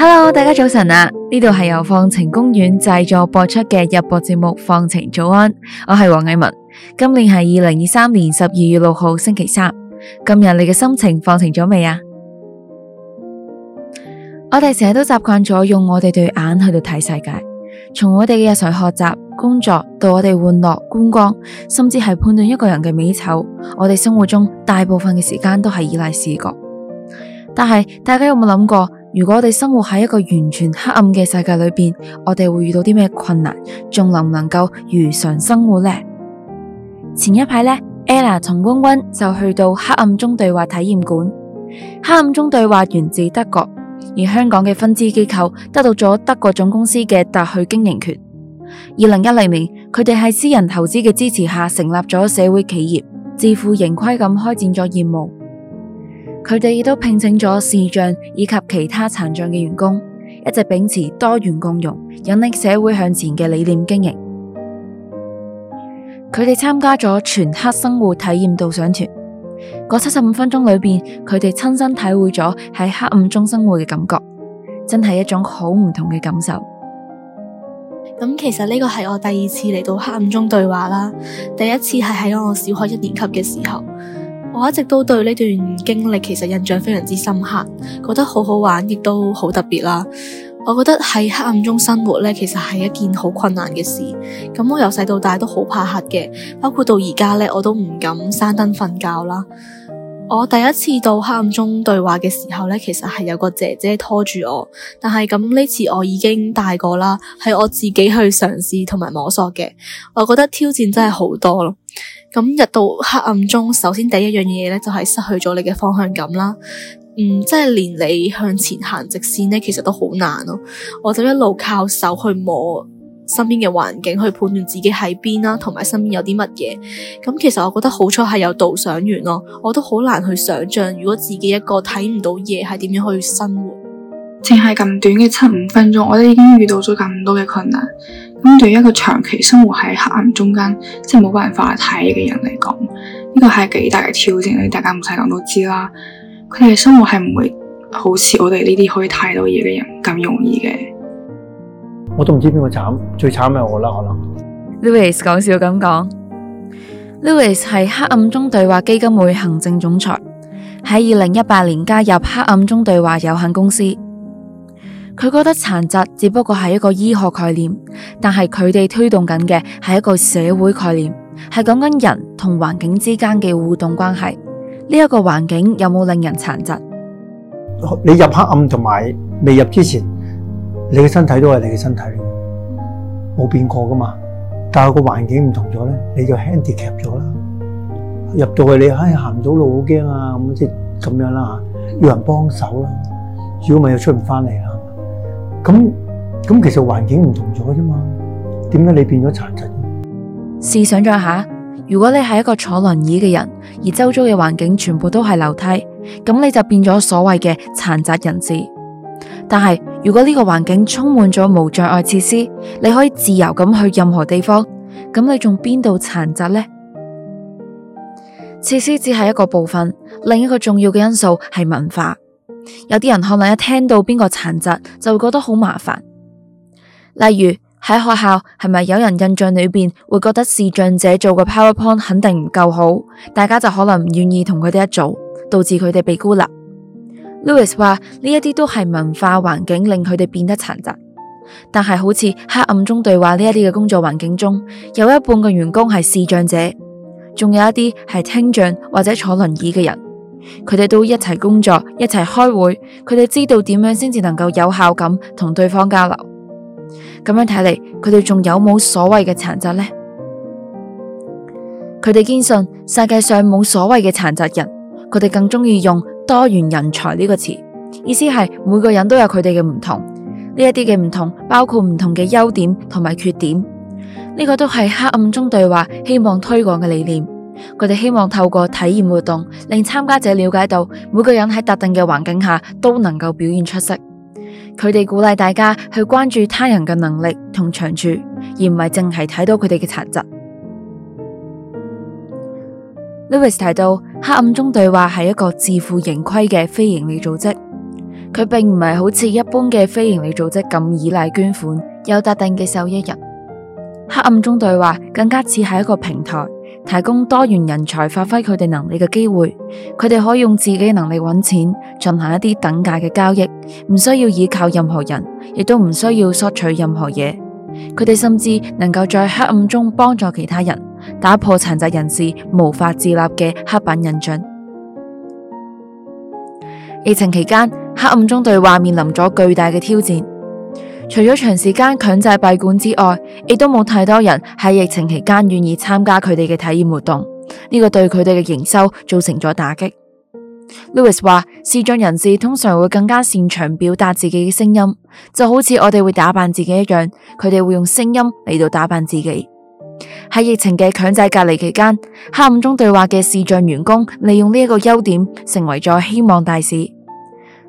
Hello，大家早晨啊！呢度係由放晴公園製作播出嘅日播節目《放晴早安》，我係王藝雯。今年係二零二三年十二月六號星期三。今日你嘅心情放晴咗未啊？我哋成日都習慣咗用我哋對眼去到睇世界，從我哋嘅日常學習、工作到我哋玩樂、觀光，甚至係判斷一個人嘅美醜，我哋生活中大部分嘅時間都係依賴視覺。但係大家有冇諗過？如果我哋生活喺一個完全黑暗嘅世界裏邊，我哋會遇到啲咩困難？仲能唔能夠如常生活呢？前一排呢，Ella 同温温就去到黑暗中對話體驗館。黑暗中對話源自德國，而香港嘅分支機構得到咗德國總公司嘅特許經營權。二零一零年，佢哋喺私人投資嘅支持下成立咗社會企業，自負盈虧咁開展咗業務。佢哋亦都聘請咗視障以及其他殘障嘅員工，一直秉持多元共融、引領社會向前嘅理念經營。佢哋參加咗全黑生活體驗導賞團，嗰七十五分鐘裏邊，佢哋親身體會咗喺黑暗中生活嘅感覺，真係一種好唔同嘅感受。咁其實呢個係我第二次嚟到黑暗中對話啦，第一次係喺我小學一年級嘅時候。我一直都對呢段經歷其實印象非常之深刻，覺得好好玩，亦都好特別啦。我覺得喺黑暗中生活咧，其實係一件好困難嘅事。咁我由細到大都好怕黑嘅，包括到而家咧，我都唔敢閂燈瞓覺啦。我第一次到黑暗中對話嘅時候咧，其實係有個姐姐拖住我，但係咁呢次我已經大個啦，係我自己去嘗試同埋摸索嘅。我覺得挑戰真係好多咯。咁入到黑暗中，首先第一樣嘢咧就係失去咗你嘅方向感啦，嗯，即係連你向前行直線咧，其實都好難咯。我就一路靠手去摸身邊嘅環境，去判斷自己喺邊啦，同埋身邊有啲乜嘢。咁其實我覺得好彩係有導賞員咯，我都好難去想象如果自己一個睇唔到嘢係點樣去生活。淨係咁短嘅七五分鐘，我哋已經遇到咗咁多嘅困難。咁對於一個長期生活喺黑暗中間，即係冇辦法睇嘅人嚟講，呢個係幾大嘅挑戰。大家唔使講都知啦。佢哋嘅生活係唔會好似我哋呢啲可以睇到嘢嘅人咁容易嘅。我都唔知邊個慘，最慘係我啦，可能。Louis 講笑咁講，Louis 係黑暗中對話基金會行政總裁，喺二零一八年加入黑暗中對話有限公司。佢覺得殘疾只不過係一個醫學概念，但係佢哋推動緊嘅係一個社會概念，係講緊人同環境之間嘅互動關係。呢、這、一個環境有冇令人殘疾？你入黑暗同埋未入之前，你嘅身體都係你嘅身體，冇變過噶嘛。但係個環境唔同咗咧，你就 handicap 咗啦。入到去你唉、哎、行唔到路很，好驚啊！咁即係咁樣啦吓，要人幫手啦。如果咪又出唔翻嚟啊？咁咁，其實環境唔同咗啫嘛，點解你變咗殘疾？試想象下，如果你係一個坐輪椅嘅人，而周遭嘅環境全部都係樓梯，咁你就變咗所謂嘅殘疾人士。但係如果呢個環境充滿咗無障礙設施，你可以自由咁去任何地方，咁你仲邊度殘疾呢？設施只係一個部分，另一個重要嘅因素係文化。有啲人可能一聽到邊個殘疾，就會覺得好麻煩。例如喺學校，係咪有人印象裏邊會覺得視障者做個 PowerPoint 肯定唔夠好，大家就可能唔願意同佢哋一組，導致佢哋被孤立？Louis 話呢一啲都係文化環境令佢哋變得殘疾，但係好似黑暗中對話呢一啲嘅工作環境中，有一半嘅員工係視障者，仲有一啲係聽障或者坐輪椅嘅人。佢哋都一齊工作，一齊開會，佢哋知道點樣先至能夠有效咁同對方交流。咁樣睇嚟，佢哋仲有冇所謂嘅殘疾呢？佢哋堅信世界上冇所謂嘅殘疾人，佢哋更鍾意用多元人才呢個詞，意思係每個人都有佢哋嘅唔同，呢一啲嘅唔同包括唔同嘅優點同埋缺點，呢個都係黑暗中對話希望推廣嘅理念。佢哋希望透過體驗活動，令參加者了解到每個人喺特定嘅環境下都能夠表現出色。佢哋鼓勵大家去關注他人嘅能力同長處，而唔係淨係睇到佢哋嘅殘疾。Louis 提到，黑暗中對話係一個自負盈虧嘅非盈利組織，佢並唔係好似一般嘅非盈利組織咁依賴捐款，有特定嘅受益人。黑暗中對話更加似係一個平台，提供多元人才發揮佢哋能力嘅機會。佢哋可以用自己嘅能力搵錢，進行一啲等價嘅交易，唔需要依靠任何人，亦都唔需要索取任何嘢。佢哋甚至能夠在黑暗中幫助其他人，打破殘疾人士無法自立嘅刻板印象。疫情期間，黑暗中對話面臨咗巨大嘅挑戰。除咗長時間強制閉館之外，亦都冇太多人喺疫情期間願意參加佢哋嘅體驗活動。呢個對佢哋嘅營收造成咗打擊。Louis 話：視障人士通常會更加擅長表達自己嘅聲音，就好似我哋會打扮自己一樣，佢哋會用聲音嚟到打扮自己。喺疫情嘅強制隔離期間，黑暗中對話嘅視障員工利用呢一個優點，成為咗希望大使，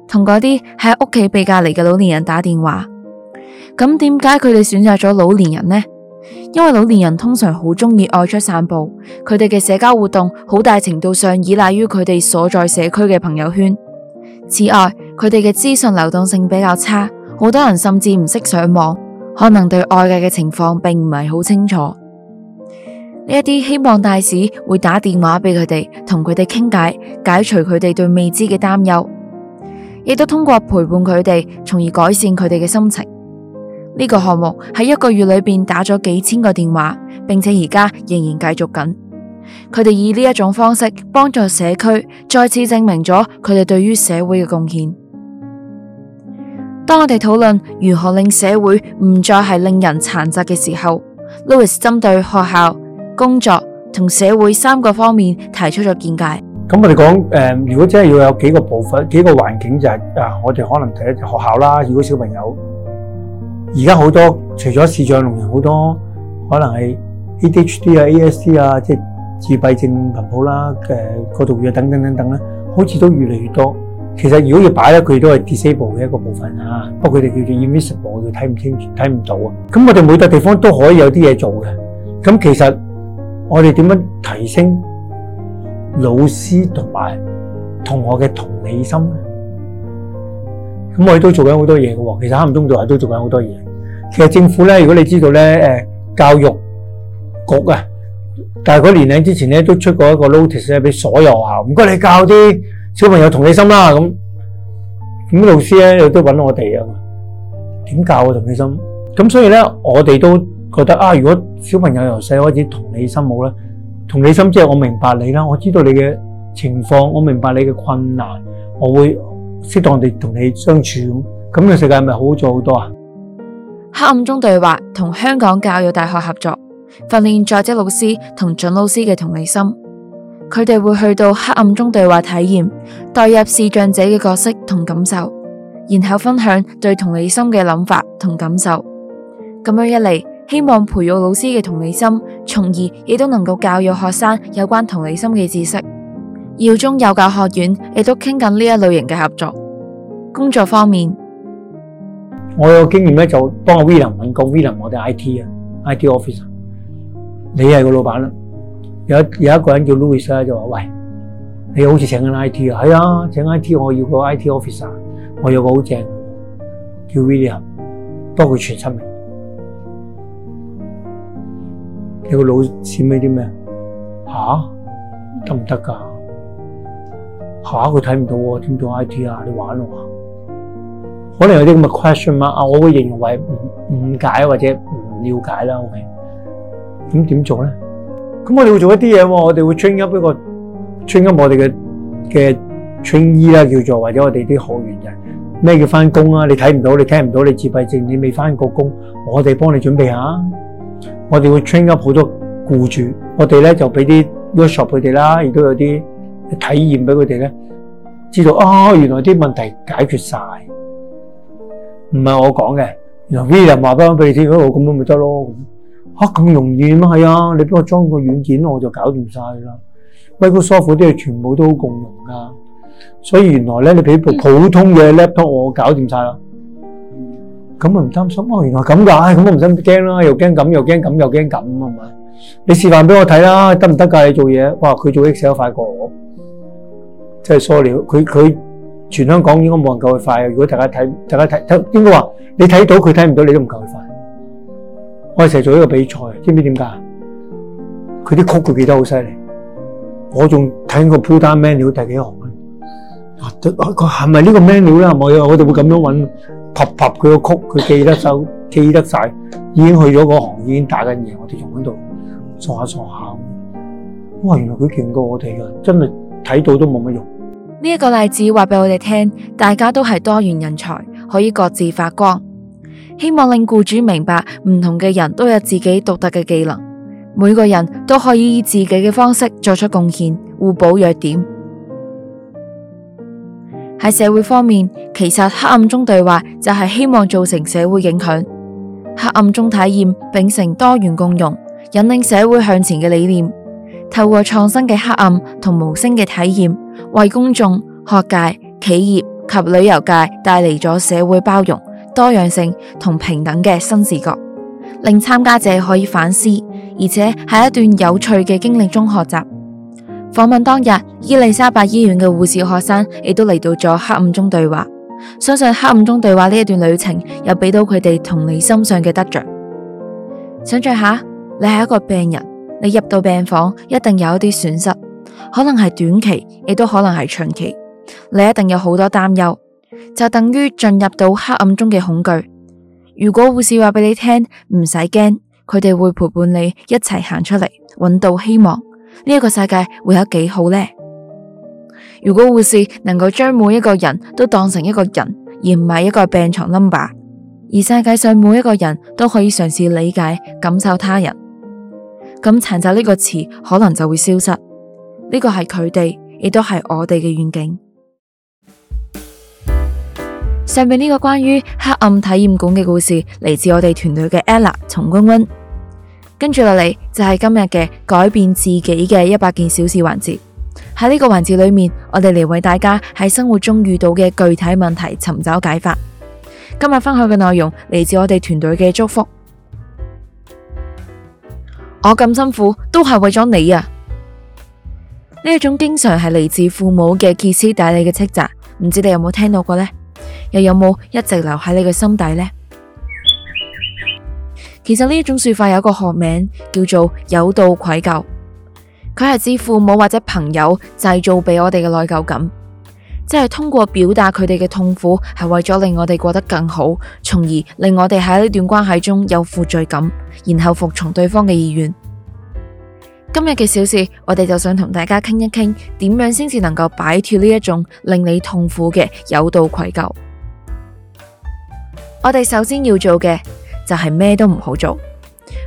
同嗰啲喺屋企被隔離嘅老年人打電話。咁點解佢哋選擇咗老年人呢？因為老年人通常好鍾意外出散步，佢哋嘅社交活動好大程度上依賴於佢哋所在社區嘅朋友圈。此外，佢哋嘅資訊流動性比較差，好多人甚至唔識上網，可能對外界嘅情況並唔係好清楚。呢一啲希望大使會打電話俾佢哋，同佢哋傾偈，解除佢哋對未知嘅擔憂，亦都通過陪伴佢哋，從而改善佢哋嘅心情。呢、這個項目喺一個月裏邊打咗幾千個電話，並且而家仍然繼續緊。佢哋以呢一種方式幫助社區，再次證明咗佢哋對於社會嘅貢獻。當我哋討論如何令社會唔再係令人殘疾嘅時候，Louis 針對學校、工作同社會三個方面提出咗見解。咁我哋講誒，如果真係要有幾個部分、幾個環境，就是，就、呃、係我哋可能第一就學校啦，如果小朋友。而家好多除咗視障聾人，好多可能係 A D H D 啊、A S D 啊，即自閉症頻譜啦，誒度嘢等等等等啦，好似都越嚟越多。其實如果要擺是一句都係 disable 嘅一個部分啊，不過佢哋叫做 invisible，我哋睇唔清、睇唔到啊。咁我哋每個地方都可以有啲嘢做嘅。咁其實我哋點樣提升老師同埋同學嘅同理心？咁我哋都做緊好多嘢嘅。其實黑暗中對話都做緊好多嘢，其實政府咧，如果你知道咧，誒，教育局啊，但係嗰年零之前咧，都出過一個 notice 咧，俾所有學校，唔該你教啲小朋友同理心啦。咁咁老師咧，亦都搵我哋啊，點教啊同理心？咁所以咧，我哋都覺得啊，如果小朋友由細開始同理心好咧，同理心即係我明白你啦，我知道你嘅情況，我明白你嘅困難，我會。適當地同你相處咁，咁嘅世界係咪好咗好多啊？黑暗中對話同香港教育大學合作訓練在職老師同準老師嘅同理心，佢哋會去到黑暗中對話體驗，代入視障者嘅角色同感受，然後分享對同理心嘅諗法同感受。咁樣一嚟，希望培育老師嘅同理心，從而亦都能夠教育學生有關同理心嘅知識。耀中幼教學院亦都傾緊呢一類型嘅合作，工作方面，我有經驗咧，就幫威廉搵個威廉，我哋 I T 啊 I T officer。你係個老闆啦，有有一個人叫 Louis 咧，就話喂，你好似請緊 I T 啊？係啊，請 I T，我要個 I T officer，我有個好正叫 William，幫佢全出名。你個腦閃咩啲咩啊？吓？得唔得噶？吓，佢睇唔到喎，點做 I T 啊？你玩我啊，可能有啲咁嘅 question 嘛？啊，我會認為誤誤解或者唔了解啦。O K，咁點做咧？咁我哋會做一啲嘢喎，我哋會 train up 一個 train up 我哋嘅嘅 trainee 啦，叫做或者我哋啲學員，就咩叫翻工啊？你睇唔到，你聽唔到，你自閉症，你未翻過工，我哋幫你準備下。我哋會 train up 好多僱主，我哋咧就俾啲 workshop 佢哋啦，亦都有啲體驗俾佢哋咧。知道啊，原來啲問題解決晒，唔係我講嘅，由 V 人話翻俾你知，哦咁都咪得咯，吓，咁容易嗎？係啊，你幫我裝個軟件，我就搞掂晒啦。Microsoft 啲嘢全部都好共用㗎，所以原來咧你俾部普通嘅 laptop，我搞掂晒啦。咁啊唔擔心啊，原來咁㗎，咁我唔使驚啦，又驚咁又驚咁又驚咁係咪？你示範俾我睇啦，得唔得㗎？你做嘢，哇佢做 Excel 快過我。即係疏料，佢佢全香港應該冇人夠佢快。如果大家睇，大家睇，應該話你睇到佢睇唔到，到你都唔夠佢快。我成日做一個比賽，知唔知點解佢啲曲佢記得好犀利，我仲睇過 pull down menu 第幾行啊？佢係咪呢個 menu 咧？係咪我哋會咁樣揾，啪啪佢個曲佢記得手記得晒。已經去咗個行，已經打緊嘢，我哋仲喺度傻下傻下。哇！原來佢勁過我哋㗎，真係睇到都冇乜用。呢一個例子話俾我哋聽，大家都係多元人才，可以各自發光，希望令僱主明白，唔同嘅人都有自己獨特嘅技能，每個人都可以以自己嘅方式作出貢獻，互補弱點。喺社會方面，其實黑暗中對話就係希望造成社會影響，黑暗中體驗，秉承多元共融，引領社會向前嘅理念。透過創新嘅黑暗同無聲嘅體驗，為公眾、學界、企業及旅遊界帶嚟咗社會包容、多樣性同平等嘅新視角，令參加者可以反思，而且喺一段有趣嘅經歷中學習。訪問當日，伊麗莎白醫院嘅護士學生亦都嚟到咗黑暗中對話，相信黑暗中對話呢一段旅程，又俾到佢哋同理心上嘅得着。想象下，你係一個病人。你入到病房，一定有一啲損失，可能係短期，亦都可能係長期。你一定有好多擔憂，就等於進入到黑暗中嘅恐懼。如果護士話俾你聽，唔使驚，佢哋會陪伴你一齊行出嚟，揾到希望。呢一個世界會有幾好呢？如果護士能夠將每一個人都當成一個人，而唔係一個病床 number，而世界上每一個人都可以嘗試理解、感受他人。咁殘疾呢個詞可能就會消失，呢個係佢哋亦都係我哋嘅願景。上面呢個關於黑暗體驗館嘅故事嚟自，我哋團隊嘅 Ella 同聞曉。跟住落嚟就係今日嘅改變自己嘅一百件小事環節。喺呢個環節裏面，我哋嚟為大家喺生活中遇到嘅具體問題尋找解法。今日分享嘅內容嚟自，我哋團隊嘅祝福。我咁辛苦都係為咗你啊！呢一種經常係嚟自父母嘅歇斯底里嘅斥責，唔知你有冇聽到過呢？又有冇一直留喺你嘅心底呢？其實呢一種說法有一個學名叫做有道愧疚，佢係指父母或者朋友製造俾我哋嘅內疚感。即係通過表達佢哋嘅痛苦，係為咗令我哋過得更好，從而令我哋喺呢段關係中有負罪感，然後服從對方嘅意願。今日嘅小事，我哋就想同大家傾一傾，點樣先至能夠擺脫呢一種令你痛苦嘅誘導愧疚。 我哋首先要做嘅就係、是、咩都唔好做，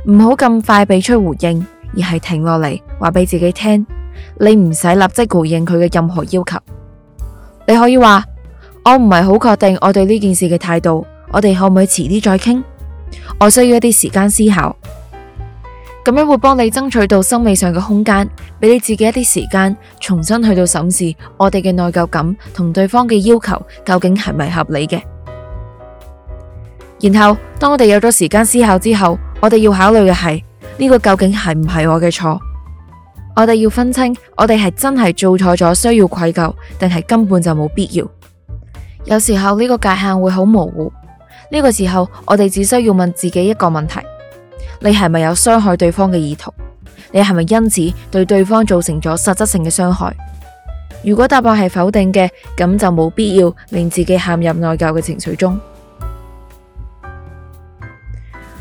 唔好咁快俾出回應，而係停落嚟話俾自己聽，你唔使立即回應佢嘅任何要求。你可以話我唔係好確定我對呢件事嘅態度，我哋可唔可以遲啲再傾？我需要一啲時間思考，咁樣會幫你爭取到心理上嘅空間，畀你自己一啲時間重新去到審視我哋嘅內疚感同對方嘅要求究竟係咪合理嘅。然後當我哋有咗時間思考之後，我哋要考慮嘅係呢個究竟係唔係我嘅錯？我哋要分清，我哋係真係做錯咗，需要愧疚，定係根本就冇必要。有時候呢個界限會好模糊，呢個時候我哋只需要問自己一個問題：你係咪有傷害對方嘅意圖？你係咪因此對對方造成咗實質性嘅傷害？如果答案係否定嘅，咁就冇必要令自己陷入內疚嘅情緒中。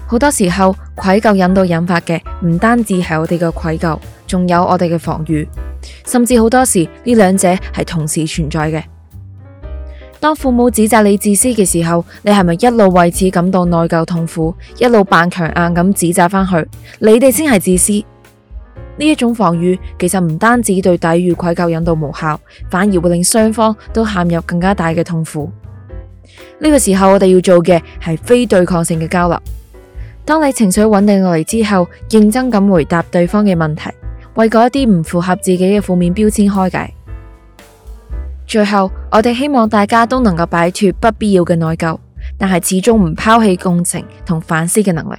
好多時候愧疚引導引發嘅唔單止係我哋嘅愧疚。仲有我哋嘅防禦，甚至好多時呢兩者係同時存在嘅。當父母指責你自私嘅時候，你係咪一路為此感到內疚痛苦，一路扮強硬咁指責翻去？你哋先係自私呢一種防禦，其實唔單止對抵禦愧疚引導無效，反而會令雙方都陷入更加大嘅痛苦。呢個時候我哋要做嘅係非對抗性嘅交流。當你情緒穩定落嚟之後，認真咁回答對方嘅問題。為嗰一啲唔符合自己嘅負面標籤開解。最後，我哋希望大家都能夠擺脫不必要嘅內疚，但係始終唔拋棄共情同反思嘅能力。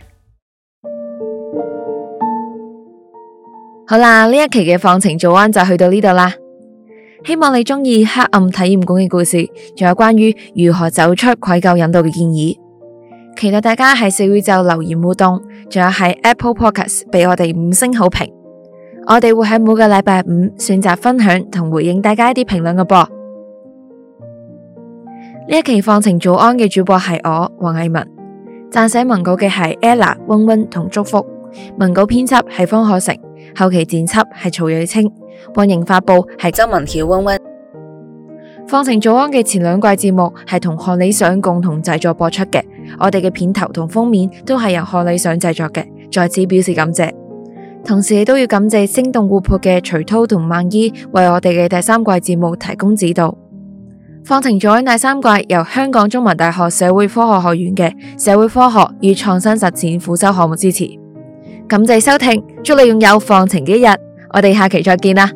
好啦，呢一期嘅放晴早安就去到呢度啦。希望你鍾意黑暗體驗館嘅故事，仲有關於如何走出愧疚引導嘅建議。期待大家喺小宇宙留言互動，仲有喺 Apple Podcast 俾我哋五星好評。我哋會喺每個禮拜五選擇分享同回應大家一啲評論嘅啵。呢一期放晴早安嘅主播係我王藝雯，撰寫文稿嘅係 Ella 溫溫同祝福，文稿編輯係方可成，後期剪輯係曹睿清，運營發布係周聞曉溫溫。放晴早安嘅前兩季節目係同賀理想共同製作播出嘅，我哋嘅片頭同封面都係由賀理想製作嘅，在此表示感謝。同時都要感謝聲動活潑嘅徐濤同曼依為我哋嘅第三季節目提供指導。放晴在第三季由香港中文大學社會科學學院嘅社會科學與創新實踐輔修項目支持。感謝收聽，祝你擁有放晴嘅一日。我哋下期再見啦。